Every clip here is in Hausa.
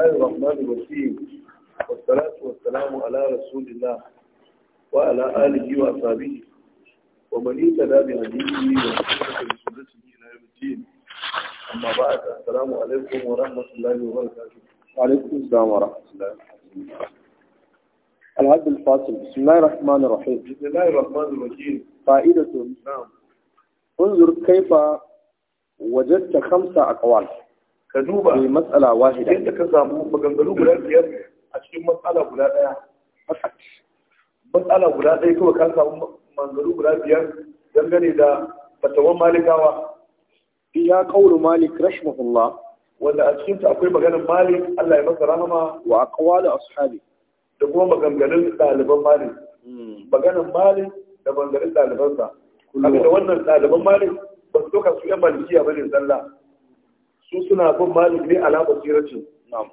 الله الرحمن الرحيم والصلاة والسلام على رسول الله وعلى آله وأصحابه ومن اهتدى بهديه واستمسك بسنته إلى يوم الدين أما بعد السلام عليكم ورحمة الله وبركاته وعليكم السلام ورحمة الله الهد الفاصل بسم الله الرحمن الرحيم بسم الله الرحمن الرحيم فائدة نعم انظر كيف وجدت خمسة أقوال ka duba matsala wahida yadda ka samu maganganu guda biyar a cikin matsala guda daya matsala guda daya kawai ka samu maganganu guda biyar dangane da fatawan malikawa Ya kawo malik rahimahullah wanda a cikin akwai maganin malik Allah ya masa rahama wa aqwal ashabi da kuma maganganun ɗaliban malik hmm. maganin malik da maganganun ɗalibansa Kullum da wannan ɗaliban malik ba su doka su yan malikiya ne, zalla su suna bin malik ne ala basirati na'am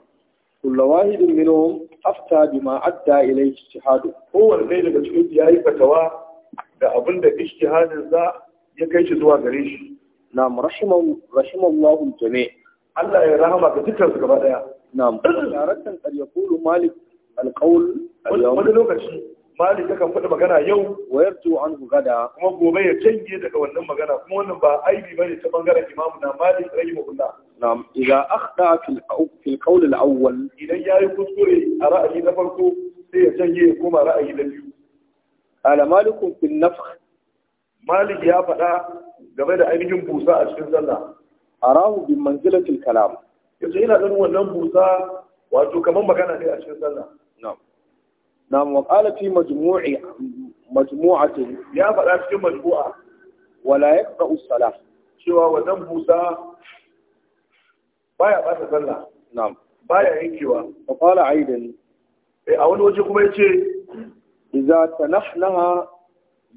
kullu wahidin minhum afta bima adda ilayhi ijtihadu kowanne ɗaya daga cikin ya yi fatawa da abin da ijtihadin sa ya kai shi zuwa gare shi na'am rahimahu rahimallahu jami' Allah ya rahama ga dukkan su gaba daya na'am taratan qad yaqulu malik alqawl wani lokaci malik yakan faɗi magana yau Wayar yarju anhu gada kuma gobe ya canje daga wannan magana kuma wannan ba aibi bane ta bangaren imamu na malik rahimahullah نعم إذا أخطأ في في القول الأول إذا جاء كسوري رأي نفرقه سيجي كما رأي لبيو قال مالك في النفخ مالك يا فدا game da ainihin busa a cikin sallah arahu bi manzilatil kalam yanzu ina ganin wannan busa wato kamar magana ne a cikin sallah na'am na'am wa ya faɗa cikin majmu'a wala yaqta'u salah cewa wannan busa baya ba ta sallah na'am baya yankewa fa qala aidan eh, a wani waje kuma yace idza ta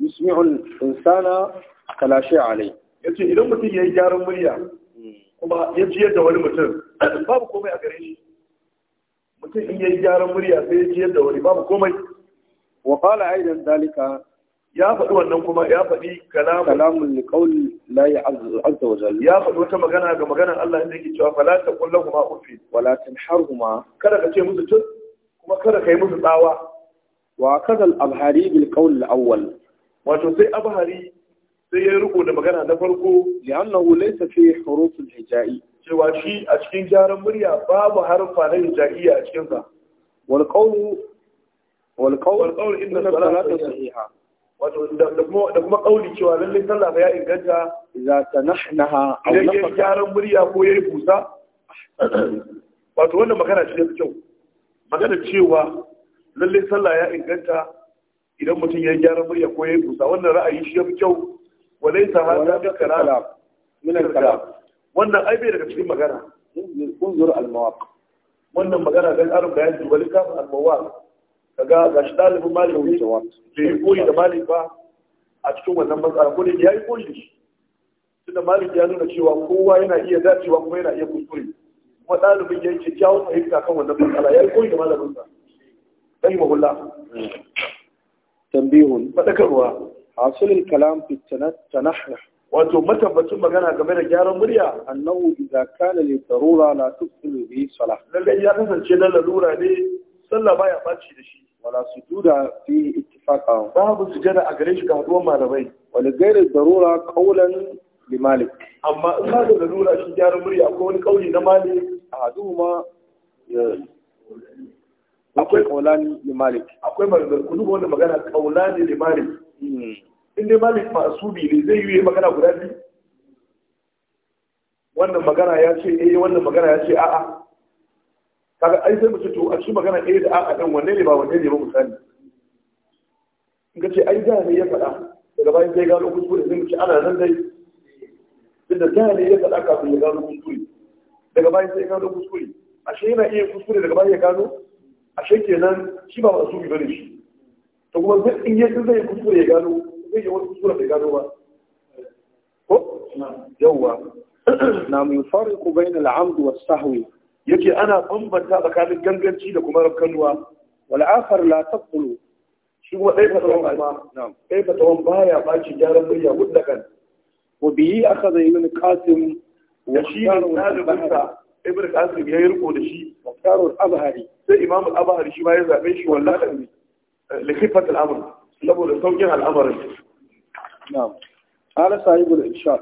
yusmi'u al-insana kala shay'a alai yace idan mutum yayi gyaran murya hmm. kuma ya ji yadda wani mutum babu komai a gare shi mutum in yayi gyaran murya sai ya ji yadda wani babu komai wa qala aidan dalika ya faɗi wannan kuma ya faɗi kalamun kalamun li qawl la ya'azza wa jalla ya faɗi wata magana ga maganar Allah inda yake cewa fala taqul lahum ma ufi wala tanharhuma kada ka ce musu tun kuma kada ka yi musu tsawa wa kada al-abhari bil qawl al-awwal wato sai abhari sai ya riko da magana na farko li'annahu laysa fi huruf al-hijai cewa shi a cikin jaran murya babu harfa na hijaiya a cikin sa wal qawl wal qawl inna salata sahiha wato da kuma da kauli cewa lallai sallah ya inganta ta idza tanahnaha aw nafaqa gyaran murya ko yayi kusa. wato wannan magana ce da kyau magana cewa lallai sallah ya inganta idan mutum ya gyaran murya ko yayi kusa. wannan ra'ayi shi yafi kyau walaysa hadha bi kalam min al wannan ai bai daga cikin magana unzur al wannan magana dan arum bayani wal al mawaq kaga ga shi ɗalibin malin ne da ya koyi da malin ba a cikin wannan matsala ko da ya yi koyi da shi da malin ya nuna cewa kowa yana iya dacewa kuma yana iya kuskure kuma ɗalibin ya yi kyakkyawan fahimta kan wannan matsala ya yi koyi da malamin sa ɗan mahulla tambihun faɗakarwa hasulul kalam fi tanahya wato matabbacin magana game da gyaran murya annahu idza kana li darura la tufsilu bi salah lalle ya kasance na lalura ne sallah baya baci da shi wala sujuda fi ittifaqa babu sujada a gare shi ga haduwar malamai wala gairar darura qawlan li malik amma in ba da darura shi gyara murya akwai wani kauli na malik a hadu ma, akwai qawlan li malik akwai magana ku duba wannan magana qawlan li malik in dai malik masubi ne zai yi magana guda biyu wannan magana ya ce eh wannan magana ya ce a'a kaga ai sai mutum to a cikin magana ɗaya da a'a dan wanne ne ba wanne ne ba misali in ka ce ai da ne ya faɗa daga bayan sai gano kuskure sai mu ci ana nan dai tunda da ne ya faɗa kafin ya gano kuskure daga bayan sai gano kuskure ashe yana iya kuskure daga bayan ya gano ashe kenan shi ba masu bi bane shi to kuma duk in ya zai kuskure ya gano zai yi wani kuskure bai gano ba ko yawwa na mun fariqu bainal amd was sahwi yake ana bambanta tsakanin ganganci da kuma rafkanuwa wal akhar la taqulu shi kuma dai fatawan ba dai fatawan baya baci jaran murya mutlakan wa bihi akhadha ibn qasim wa shi talibinsa ibn qasim ya riko da shi muftarul abhari sai imam al-abhari shi ma ya zabe shi wallahi eh, likifat al-amr saboda saukin al'amarin na'am qala sahibul irshad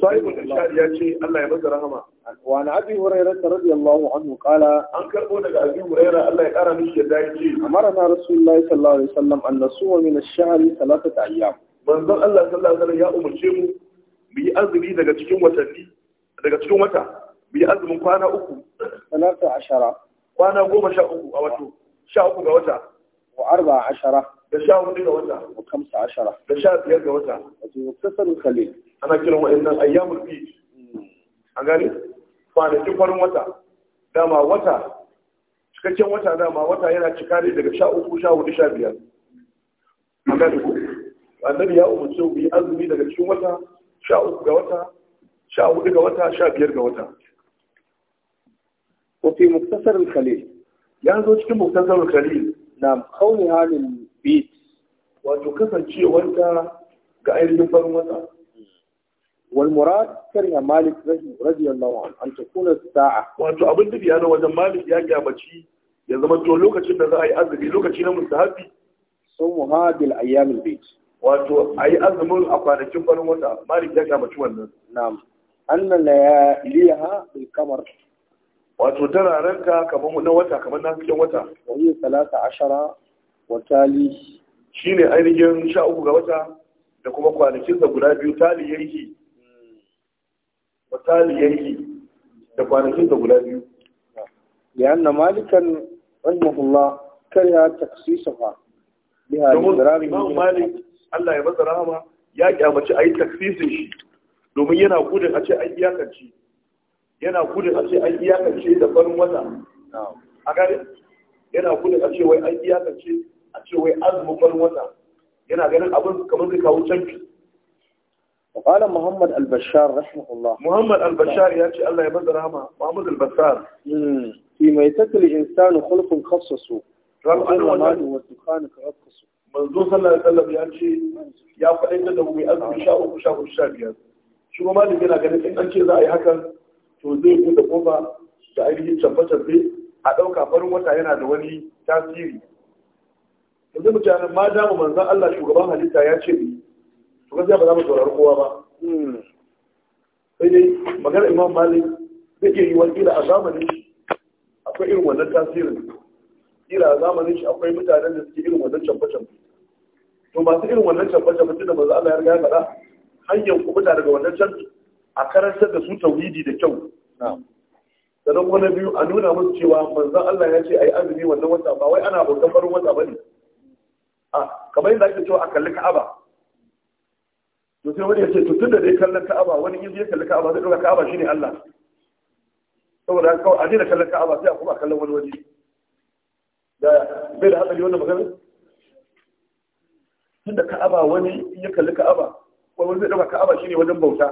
صاحب الإشار ياتي الله يمد رحمه وعن أبي هريرة رضي الله عنه قال أن كربونا أبي هريرة الله يقرأ مش يدايجي أمرنا رسول الله صلى الله عليه وسلم أن نصوم من الشهر ثلاثة أيام من ذا الله صلى الله عليه وسلم يا أم الشيخ بيأذني دقا تكون وتني دقا تكون متى بيأذن قانا أكو ثلاثة عشرة قانا قوم شاء أكو أو أتو شاء أكو قوتا وأربع عشرة da sha hudu ga wata da kamsa ashara da sha biyar ga wata wato muktasar khalil ana kiran wa'annan ayyamul bid a gare kwanakin farin wata Da ma wata cikakken wata da ma wata yana cika ne daga sha uku sha hudu sha biyar a gare ku annabi ya umarci ku yi azumi daga cikin wata sha uku ga wata sha hudu ga wata sha biyar ga wata wafi muktasar kalil ya zo cikin muktasar kalil na kauni halin bid wato kasancewarta ga ainihin farin wata والمراد كره مالك رضي الله عنه أن تكون الساعة وأنت أبن دبي أنا وجن مالك يا جابتشي يا زمان تقول لك شيء نزاع أزمي لك شيء نمر سهبي ثم هذه الأيام البيت wato a yi azumin a kwanakin farin wata malik ya gamaci wannan na'am annan la ya liha bil kamar wato tana ranka kamar na wata kamar na cikin wata wani salasa ashara wa tali shine ainihin sha uku ga wata da kuma kwanakin sa guda biyu tali yake wasali yanki da kwanakin da guda biyu lianna malikan rahimahullah karya taksisaha biha al-idrari Imam Malik Allah ya masa rahama ya kyamaci ayi taksisin shi domin yana gudun a ce an iyakance yana gudun a ce an iyakance da farin wata a gane yana gudun a ce wai an iyakance a ce wai azumin farin wata yana ganin abin kamar zai kawo canfi وقال محمد البشار رحمه الله محمد البشار يا شيخ الله يبارك رحمه محمد البشار في ميتة الإنسان خلق خصصه رمضان والدخان كرقصه manzo sallallahu alaihi wasallam ya ce ya faɗi da mai azumi sha uku sha uku sha biyar shi kuma malami yana ganin in an ce za a yi hakan to zai buɗe kofa da ainihin tabbatabbe a ɗauka farin wata yana da wani tasiri yanzu mutane ma damu manzan Allah shugaban halitta ya ce to gaskiya ba za mu saurari kowa ba hmm. sai dai magana imam malik zai iya yi wani a zamanin akwai irin wannan tasirin kila a zamanin shi akwai mutanen da suke irin wannan canfa-canfa to masu irin wannan canfa-canfa tun da maza Allah ya gaya faɗa hanyar ku kubuta daga wannan can a karantar da su tauhidi da kyau sannan kuma na biyu a nuna musu cewa manzan Allah ya ce a yi azumi wannan wata ba wai ana bautan farin wata ba ne A kamar yadda ake cewa a kalli ka'aba to sai wani ya ce tun da dai kallon ka'aba wani in ya kalli ka'aba zai ɗauka ka'aba shi ne Allah saboda haka kawai a daina kallon ka'aba sai a kuma kallon wani waje da bai da hatsari wannan magana tun da ka'aba wani in ya kalli ka'aba wani zai ɗauka ka'aba shi ne wajen bauta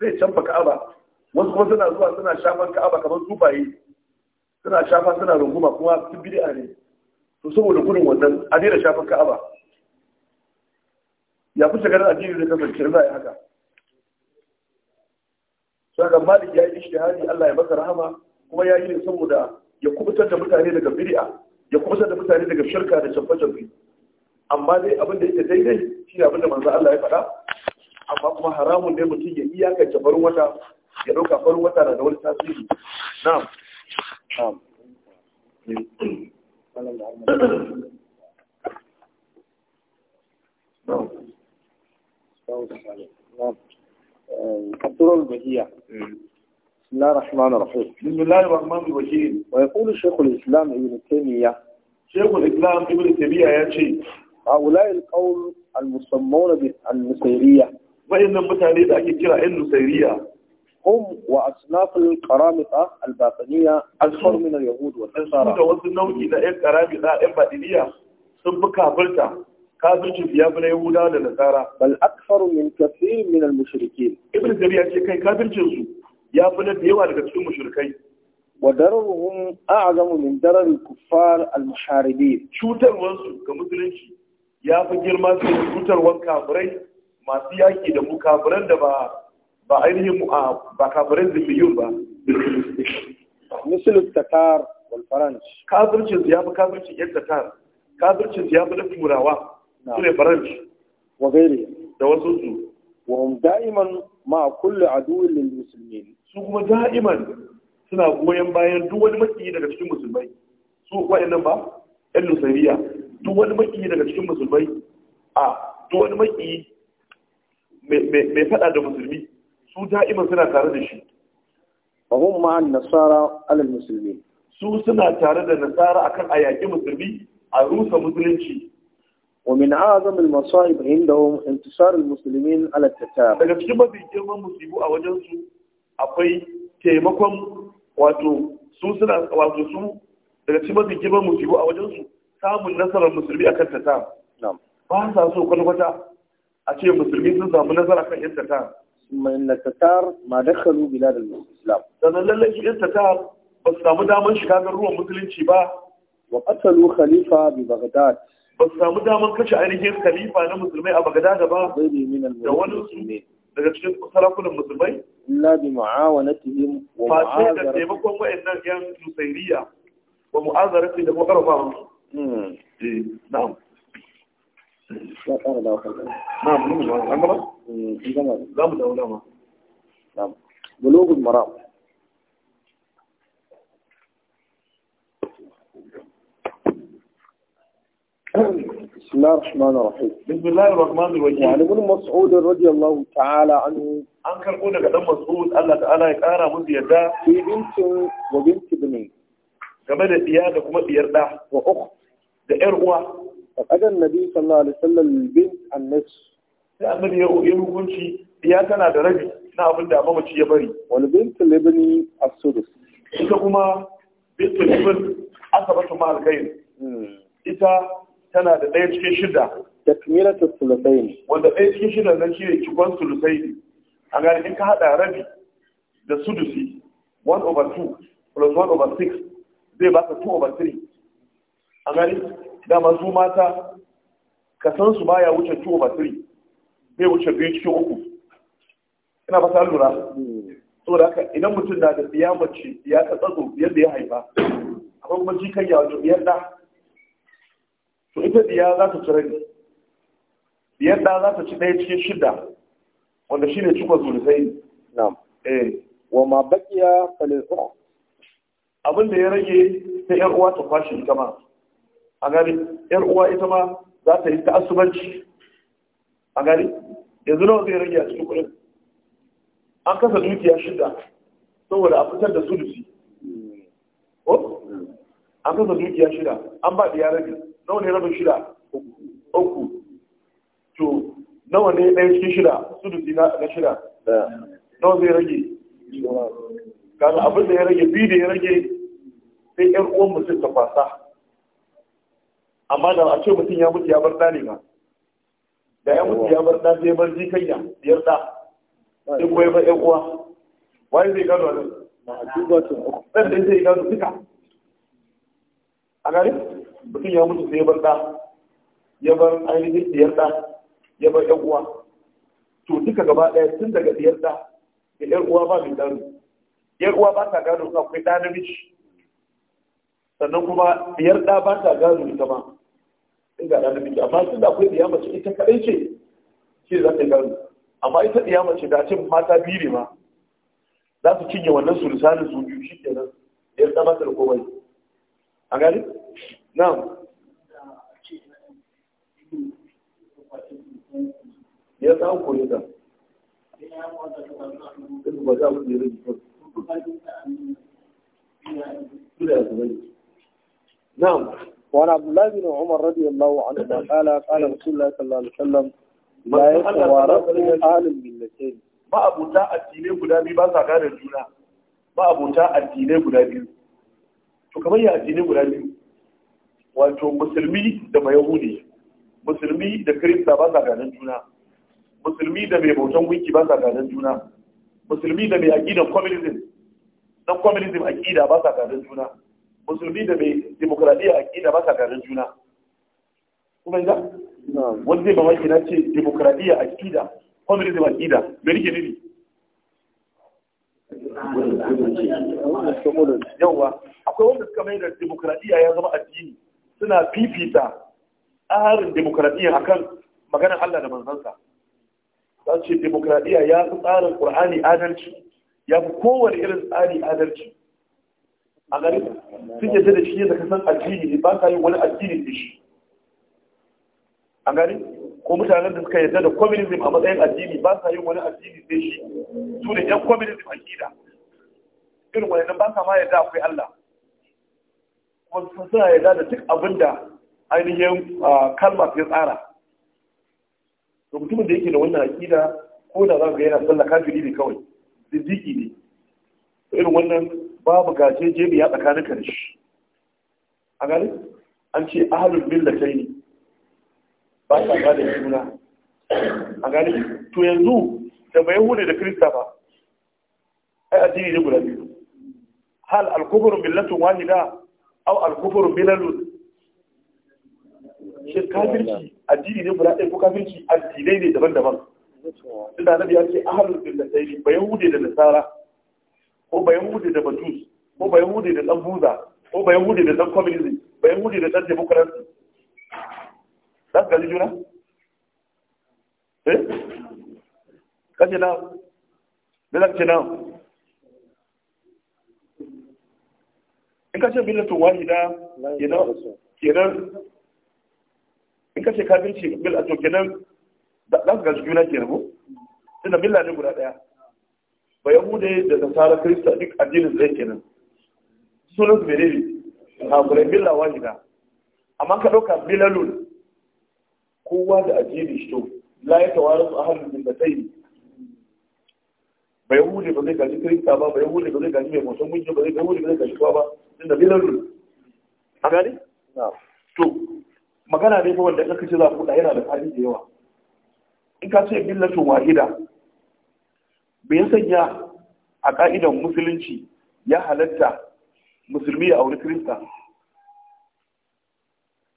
zai canfa ka'aba wasu kuma suna zuwa suna shafan ka'aba kamar tsufaye suna shafa suna runguma kuma sun bid'a ne to saboda gudun wannan a daina shafan ka'aba ya fi shagarar addini da kasance za a yi haka saka malik ya yi ishtihadi Allah ya masa rahama kuma ya yi ne saboda ya kubutar da mutane daga bid'a ya kubutar da mutane daga shirka da canfa-canfi amma dai abin da yake daidai shi ne abin da manzo Allah ya faɗa amma kuma haramun ne mutum ya iyakance farin wata ya ɗauka farin wata na da wani tasiri na'am na'am na'am البهية بسم الله الرحمن الرحيم بسم الله الرحمن الرحيم ويقول شيخ الإسلام ابن تيمية شيخ الإسلام ابن تيمية يا شيخ هؤلاء القول المسمون بالنصيرية وإن المتعني ذاك كلا النصيرية هم وأصناف القرامطة الباطنية أكثر من اليهود والنصارى. إذا وصلنا إلى القرامطة الباطنية sun fi kafirta kafirci ya fi na yahuda da nasara bal akfaru min kafir min al mushrikin ibn jarir ya ce kai kafircin su ya fi da yawa daga cikin mushrikai wa dararuhum a'zamu min darar kuffar al muharibin cutarwar su ga musulunci ya fi girma su cutarwar kafirai masu yaki da mu kafiran da ba ba ainihin ba kafiran zubiyun ba misalin tatar wal faransh kafircin su ya fi kafircin yan tatar kafircin su ya fi na turawa su ne faranci wa gairi da wasu su wa da'iman ma kullu aduwwin lil muslimin su kuma da'iman suna goyon bayan duk wani maki daga cikin musulmai su wa'annan ba yan nusariya duk wani maki daga cikin musulmai a duk wani maki mai fada da musulmi su da'iman suna tare da shi wa hum ma'an nasara alal muslimin su suna tare da nasara akan a musulmi a rusa musulunci ومن أعظم المصائب عندهم انتصار المسلمين على التتار daga cikin mafi girman musibu a wajen su akwai taimakon wato su daga cikin mafi girman musibu a wajen su samun nasarar musulmi akan tatar na'am ba sa so kwata a ce musulmi sun samu nasara kan yan tatar mai na tatar ma dakhalu bilad al-islam sanan lallai yan tatar ba su samu damar shiga garuruwan musulunci ba wa qatalu khalifa bi baghdad ba su samu damar kashe ainihin khalifa na musulmai a bagdada ba da wani su daga cikin sarakunan musulmai illa bi mu'awanatihim wa mu'azara fa da taimakon yan nusairiya wa fi da kuma karfa hmm. eh, na'am ya da wakar na'am mun an hmm, gama za mu dawo na'am bulugul maram بسم الله الرحمن الرحيم بسم الله الرحمن الرحيم يعني ابن مسعود رضي الله تعالى عنه an karɓo daga ɗan mas'ud Allah ta'ala ya ƙara musu yadda fi bintin wa binti bini game da ɗiya da kuma ɗiyar ɗa wa uku da ƴar uwa a ƙadar nabi sallallahu alaihi wasallam bin annas sai annabi ya yi hukunci ɗiya tana da rabi na abin da mamaci ya bari Wani bintu ita kuma bintu libn asabatu ma hmm. ita tana da ɗaya cikin shida da kimila ta sulusai ne. wanda ɗaya cikin shida zan shi ne cikon ne. a gani in ka haɗa rabi da sudusi 1 over 2 plus 1 over 6 zai baka 2 over 3 a gani dama su mata ka san su baya wuce 2 over 3 zai wuce biyu cikin uku ina ba fasa lura saboda haka idan mutum na da biya mace ya ta tsatso yadda ya haifa akwai kuma jikan yawon biyar da to ita diya za ta ci rabi diyar da za ta ci ɗaya cikin shida wanda shi ne cikin zulusai na'am eh wa ma baqiya falil ukh abin da ya rage ta yar uwa ta kwashe ita ma a gari yar uwa ita ma za ta yi ta asubanci a gari yanzu nawa zai rage a cikin kuɗin an kasa dukiya shida saboda a fitar da sulusi hmm. an kasa dukiya shida an ba diya rabi nawa ne rabin shida uku to nawa ne ɗaya cikin shida sudusi na shida nawa zai rage kaga abin da ya rage bi da ya rage sai 'yan uwan mutum ta kwasa amma da a ce mutum ya mutu ya bar 'da ne ma da ya mutu ya bar 'da sai bar jikanya biyar ɗa sai kuma ya bar ƴan uwa wani zai gano nan ɗan da zai gano duka a gari mutum ya mutu sai ya bar ɗa, ya bar ainihin ɗiyar ɗa, ya bar ɗan uwa to duka gaba ɗaya tun daga ɗiyar ɗa da yan uwa ba mai gado Ɗiyar uwa ba ta gano ka akwai ɗa namiji sannan kuma ɗiyar ɗa ba ta gano ita ma in ga ɗa namiji amma tun da akwai diya mace ita kaɗai ce ce za ta gano amma ita ɗiya mace da ce mata biyu ne ma za su cinye wannan sulusanin su biyu shi kenan diyar da ba ta da komai a gani نعم يا za ku نعم وعن عبد الله بن عمر رضي الله عنه قال قال رسول الله صلى الله عليه وسلم لا يتوارث آل الملتين ما أبو تاء الدينين قد أبي باسا قال الجنة ما أبو تاء الدينين قد أبي فكما هي الدينين قد أبي wato musulmi da yahudi musulmi da kirista ba sa ganin juna musulmi da mai bautan wiki ba sa ganin juna musulmi da mai aqidar communism dan communism aqida ba sa ganin juna musulmi da mai demokradiyya aqida ba sa ganin juna kuma ga wanda ba wani nace ce demokradiyya aqida communism aqida me nake nufi yawa akwai wanda suka mai da demokradiyya ya zama addini suna fifita tsarin demokradiyya kan maganar Allah da manzansa za ce demokradiyya ya fi tsarin ƙur'ani adalci ya fi kowane irin tsari adalci a garin, sun yadda da shi yadda ka san addini ne ba ka yi wani addini da shi a garin, ko mutanen da suka yadda da communism a matsayin addini ba sa yin wani addini da shi su da yan communism a gida. irin wani ba sa ma yadda akwai Allah wasu suna yarda da duk abin da ainihin kalma ya tsara to mutumin da yake da wannan aƙida ko da za ka yana sallah kafiri ne kawai ziki ne irin wannan babu gace jebe ya tsakanin ka da shi a gani an ce ahalul kai ne ba sa ba da juna a gani to yanzu da bai hude da kirista ba ai addini ne guda biyu hal al-kufru millatun wahida aw al-kufru bilalun shi kafirci addini ne guda ɗaya ko kafirci addinai ne daban-daban tunda nabi ya ce ahlul billahi bayan yahude da nasara ko bayan yahude da batus ko bayan yahude da dan buza ko bayan yahude da dan communism bayan yahude da dan democracy dan gali juna eh kace na da na in ka ce millatun wahida kenan in ka ce kafirci millatun kenan za su gaji juna kenan ko tunda milla ne guda daya ba yahude da nasara kirista duk addinin zai kenan sunan su menene kafirai milla wahida amma ka ɗauka milalun kowa da addinin shi to la ya tawara su a hannun millatai ba yahude ba zai gaji kirista ba ba yahude ba zai gaji mai mutum ba zai yahude ba zai gaji kowa ba da ne. a gani? to magana ne ba wanda kaka ce za ku yana da fadi da yawa in ka ce billatun wahida bai sanya a ka'idan musulunci ya halatta musulmi ya auri Krista?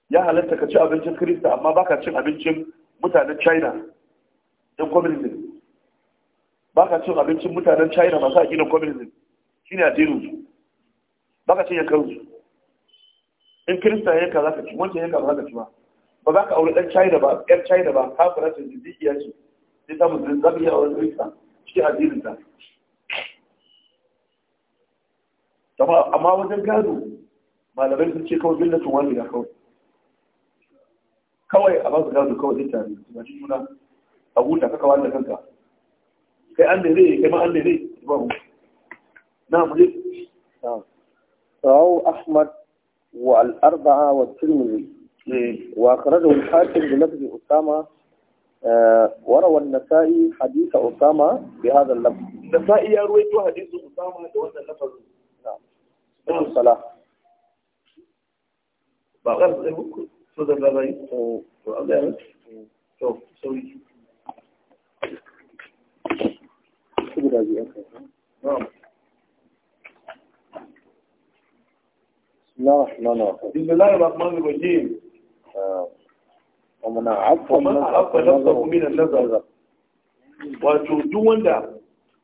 ya halatta ka ci abincin Krista amma baka cin abincin mutanen china in communism baka cin abincin mutanen china masu aƙinan communism shine addinin su ba ka ce ya karu in kirista ya ka za ka ci wancan ya ka za ka ci ba ba za ka auri ɗan china ba ƴar china ba kafin rashin zikiya ce sai ta musulun za ka wani rikta kirista cikin addinin ta amma wajen gado malamai sun ce kawai tun wani da kawai kawai a basu gado kawai zai tare ba shi juna a huta kaka wani da kanka kai an ne ne kai ma an ne ne ba mu na mu ne رواه أحمد والأربعة والترمذي وأخرجه الحاكم بلفظ أسامة آه، وروى النسائي حديث أسامة بهذا اللفظ النسائي يروي حديث أسامة بهذا اللفظ نعم نعم صلاة بغرض إيه صدر شوف سوي نعم بسم الله الرحمن الرحيم بسم الله الرحمن الرحيم ومن أعف ومن أعف نفسه من النظر wato duk wanda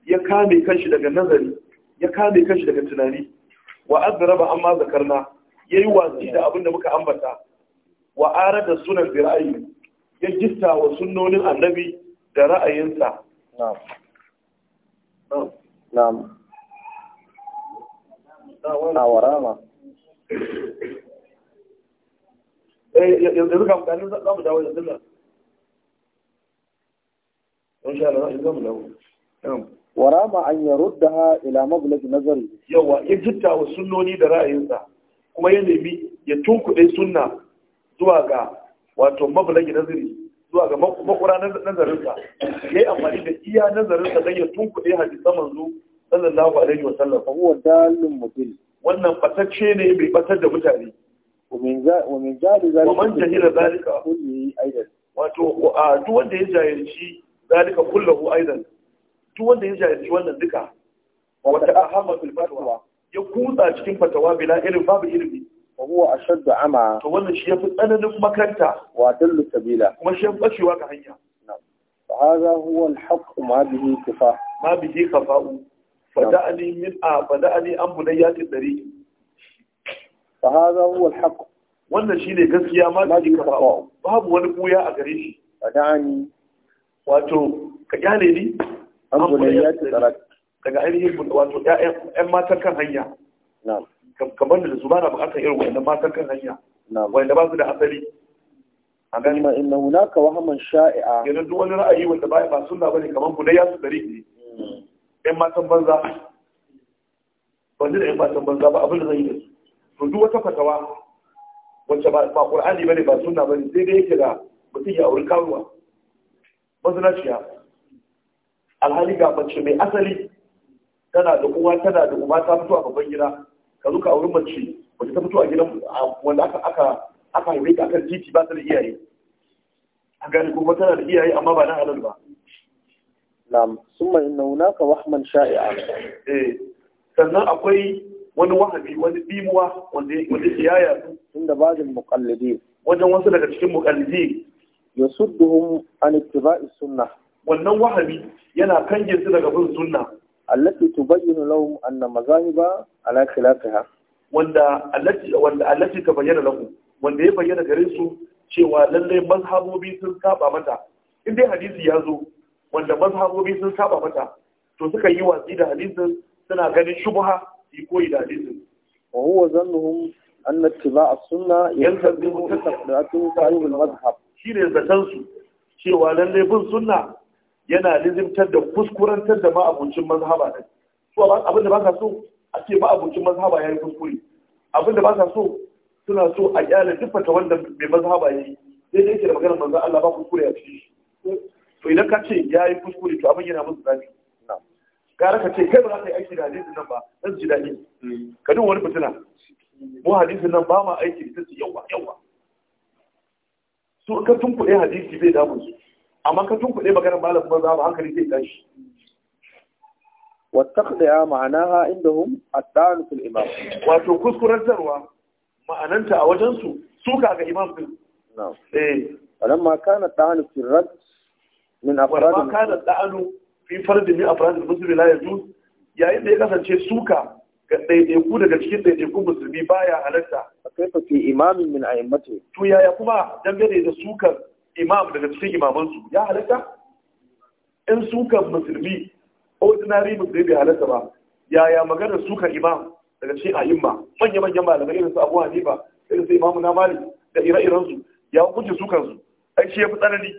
ya kame kanshi daga nazari ya kame kanshi daga tunani wa azraba amma zakarna yayi wasi da abin da muka ambata wa arada sunan bi ra'ayi ya gitta wa sunnonin annabi da ra'ayinsa na'am na'am na'am warama an ya ruddaha ila mablagh nazari yawa ya jitta wa sunnoni da ra'ayinsa kuma ya nemi ya tunkuɗe sunna zuwa ga wato mablagh nazari zuwa ga nazarinsa ya yi amfani da iya nazarinsa don ya tunkuɗe hadisan manzo sallallahu alaihi wa sallam fa huwa dalil mudil wannan batacce ne mai batar da mutane ومن جعل ذلك ومن جهل ذلك كله ايضا wato duk wanda ya jayarci zalika kullahu aidan duk wanda ya jayarci wannan duka Wata ta'ahamma fil fatwa ya kutsa cikin fatawa bila irin babu ilimi wa huwa ashaddu ama to wannan shi ya fi tsananin makanta wa dallu kabila. kuma shi ya bacewa ga hanya fa hadha huwa al ma bihi kafa ma bihi kafa'u فدعني من فدعني عن بنيات الطريق فهذا هو الحق wannan shine gaskiya ma da kika faɗa babu wani buya a gare shi fadani wato ka kyale ni an bunayyati salat daga ainihin wato ƴaƴan matan kan hanya kamar da su ba na buƙatar irin wannan matan kan hanya wanda ba su da asali a gani ma inna hunaka wahaman sha'i'a yana duk wani ra'ayi wanda ba ba sunna bane kamar bunayyati salat ne yan matan banza wanda da yan matan banza ba abin da zai yi da su to duk wata fatawa wacce ba ba ne ba suna ba ne, sai dai yake da mutum ya auri karuwa naciya, alhali ga mace mai asali tana da uwa tana da uba ta fito a babban gida ka zo ka auri mace wacce ta fito a gidan wanda aka aka aka haife ta akan titi ba ta da iyaye a gani kuma tana da iyaye amma ba na halal ba na'am mai inna ka wahman sha'i'a eh sannan akwai wani wahabi wani bimuwa wanda wanda siyaya su. inda bazin mukallidi. wajen wasu daga cikin Ya muqallidi hun an ittiba'i suna. wannan wahabi yana kan su daga bin sunna allati tubayyinu lahum anna mazahiba ala khilafiha wanda allati wanda allati bayyana lahum wanda ya bayyana gare su cewa lallai mazhabobi sun saba mata in dai hadisi ya zo wanda mazhabobi sun saba mata to suka yi watsi da hadisin suna ganin shubha yi koyi da hadisin wa huwa zannuhum anna ittiba'a sunna yantazimu taqdiratun sahib al mazhab shine zatan su cewa lalle bin sunna yana lizimtar da kuskurantar da ma'abucin mazhaba ne to abin da ba ka so a ce ma'abucin mazhaba yayi kuskure abin da ba ka so suna so a kyale duk wanda mai mazhaba yayi sai dai yake da maganar manzon Allah ba kuskure a cikin shi to idan ka ce ya yi kuskure to abin yana musu zafi gara ka ce kai ba za ka yi aiki da hadisin nan ba zan ji daɗi ka duk wani fitina mu hadisin nan ba ma aiki da su yawa yawa su ka tunkuɗe hadisi bai damu su amma ka tunkuɗe maganar malam ba za mu hankali zai tashi والتقضية معناها A الطعن في imam wato zarwa ma'ananta a wajensu suka ga imam din na'am eh alamma kana الطعن في الرد min afrad wa kana da'anu fi fard min afrad al-muslimi la yajuz yayin da ya kasance suka ga daidaiku daga cikin daidaikun musulmi baya halatta kaifa fi imamin min a'immati to yaya kuma dangane da sukar imam daga cikin imamansu ya halatta in sukar musulmi ordinary musulmi bai halatta ba yaya magana sukar imam daga cikin a'imma manya manyan malamai irin su Abu Hanifa irin su Imam Malik da ire-iren su ya hukunci sukan su ai ya fi tsanani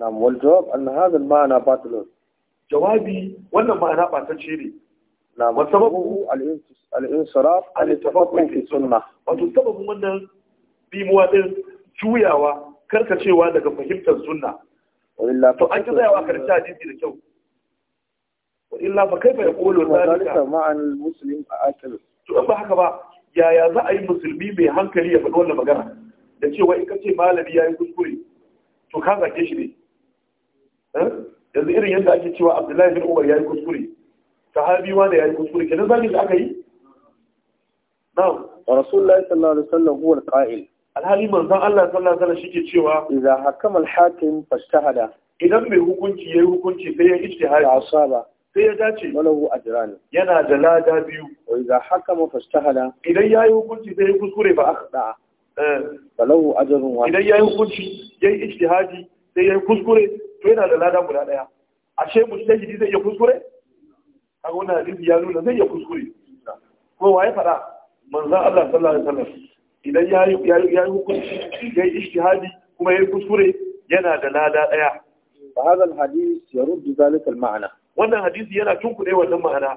نعم والجواب أن هذا المعنى باطل جوابي ولا معنى باطل شيري نعم وسببه الانصراف عن التفقه في السنة وتسبب من بمواد جوياوة karkacewa daga fahimtar sunna to an ji tsayawa karshe hadisi da kyau wa illa fa kaifa yaqulu zalika ma'an muslim aqil to ba haka ba yaya za a yi musulmi mai hankali ya faɗi wannan magana da cewa in ka ce malami yayi kuskure to ka zage Eh? yanzu irin yadda ake cewa abdullahi bin umar ya yi kuskure sahabi da ya yi kuskure nan zagin da aka yi Na. rasulullahi sallallahu alaihi wasallam huwa alqa'il alhali manzon Allah sallallahu alaihi wasallam shike cewa idza hakama alhakim fashtahada idan mai hukunci yayi hukunci sai ya ijtihadi asaba sai ya dace walahu ajran yana da lada biyu wa idza hakama fashtahada idan yayi hukunci sai ya kuskure ba akhda eh. walahu ajrun wa idan yayi hukunci yayi ijtihadi sai ya kuskure yana da lada guda daya ashe mujtahidi zai iya kuskure kaga wannan hadisi ya nuna zai iya kuskure ko waye fada manzon Allah sallallahu alaihi wasallam idan ya yi ya yi hukunci ya yi ijtihadi kuma ya yi kuskure yana da lada daya fa hadha alhadith yaruddu zalika almaana wannan hadisi yana tunkuɗe wannan ma'ana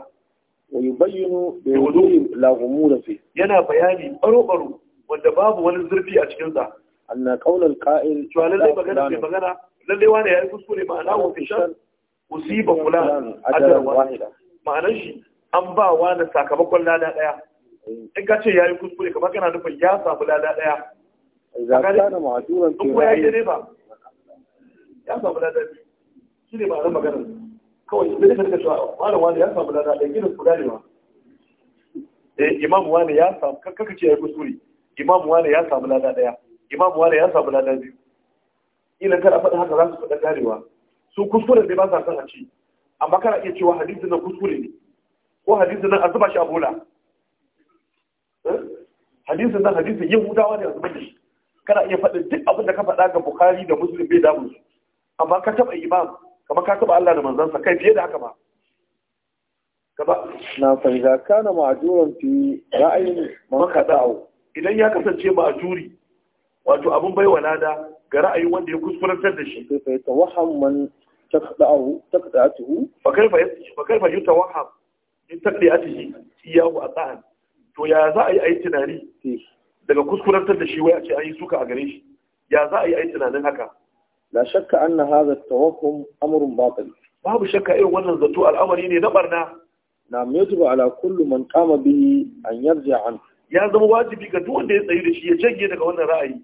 wa yubayyinu bi wudu'i la ghumura fi yana bayani baro baro wanda babu wani zurfi a cikin sa anna qawl alqa'il to lalle magana magana lalle wani ya yi kuskure ma'ana wa fi shan usiba wula ajaran wahida ma'anar shi an ba wani sakamakon lada daya in ka ce ya yi kuskure kamar kana nufin ya samu lada daya in ko ya yi ne ba ya samu lada biyu shi ne ma'anar maganar kawai idan ka rika cewa Malam wani ya samu lada daya gina kula ne ma eh, imam wani ya samu kaka ce ya yi kuskure imam wani ya samu lada daya imam wani ya samu lada biyu kila kada faɗi haka za su faɗa karewa su kuskure ne ba sa san a ci amma kana iya cewa hadisi na kuskure ne ko hadisi na azuba zuba shi a bola hadisin eh? nan hadisin yahudawa ne a zuba shi kana iya faɗin duk abin da ka faɗa ga bukari da musulun bai damu su amma ka taɓa imam kamar ka taɓa Allah da manzansa kai fiye da haka ba gaba na fahimta kana ma'ajuran fi ra'ayin man kada'u idan ya kasance ma'ajuri wato abun baiwa lada ga ra'ayi wanda ya kuskurantar da shi kai fa yatawahham man taqda'ahu taqda'atuhu fa kai fa kai fa yatawahham in taqda'atuhu iyahu tsahan. to ya za a yi a ayi tunani daga kuskurantar da shi wai a ce an yi suka a gare shi ya za a yi a ayi tunanin haka la shakka an anna hadha at-tawahhum amrun batil babu shakka irin wannan zato al'amari ne na barna na yajibu ala kullu man qama bihi an yarji an ya zama wajibi ga duk wanda ya tsayi da shi ya janye daga wannan ra'ayi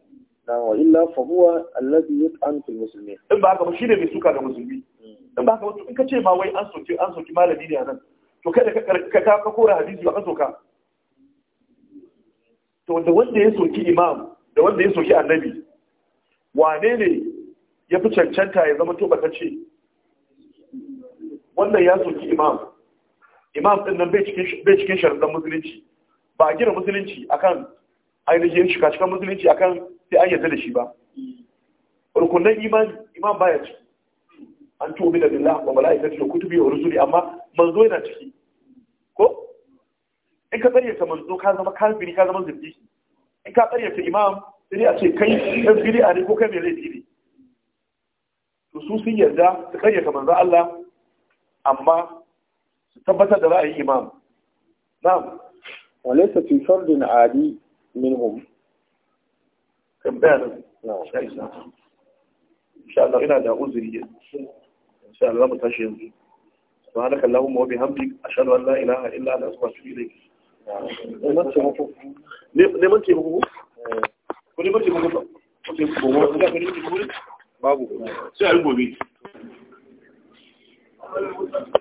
na wa illa fa huwa alladhi yut'an fil muslimin in ba haka ba shine mai suka ga musulmi in ba haka in ka ce ma wai an soki an soki malami ne a nan to kada ka ka ka kora hadisi ba ka soka to da wanda ya soki imam da wanda ya soki annabi wane ne ya fi cancanta ya zama to ce wannan ya soki imam imam din nan bai cikin sharaɗin musulunci ba a gina musulunci akan ainihin shiga cikin musulunci akan sai an yarda da shi ba rukunan iman baya ciki an tuɓi da billah wa mala'ikatu wa kutubi wa rusuli amma manzo yana ciki ko in ka tsariyata manzo ka zama kafiri ka zama zindiki in ka tsariyata imam sai a ce kai fili bid'a ne ko kai mai laifi ne to su sun yarda su karyata manzo Allah amma su tabbatar da ra'ayin imam na'am wani fi fardin adi minhum tambaya nan sha isa insha Allah ina da uzuri insha Allah mu tashi yanzu سبحانك اللهم وبحمدك أشهد أن لا إله إلا أنت أستغفرك إليك neman taimako ko ko ko babu sai a yi gobe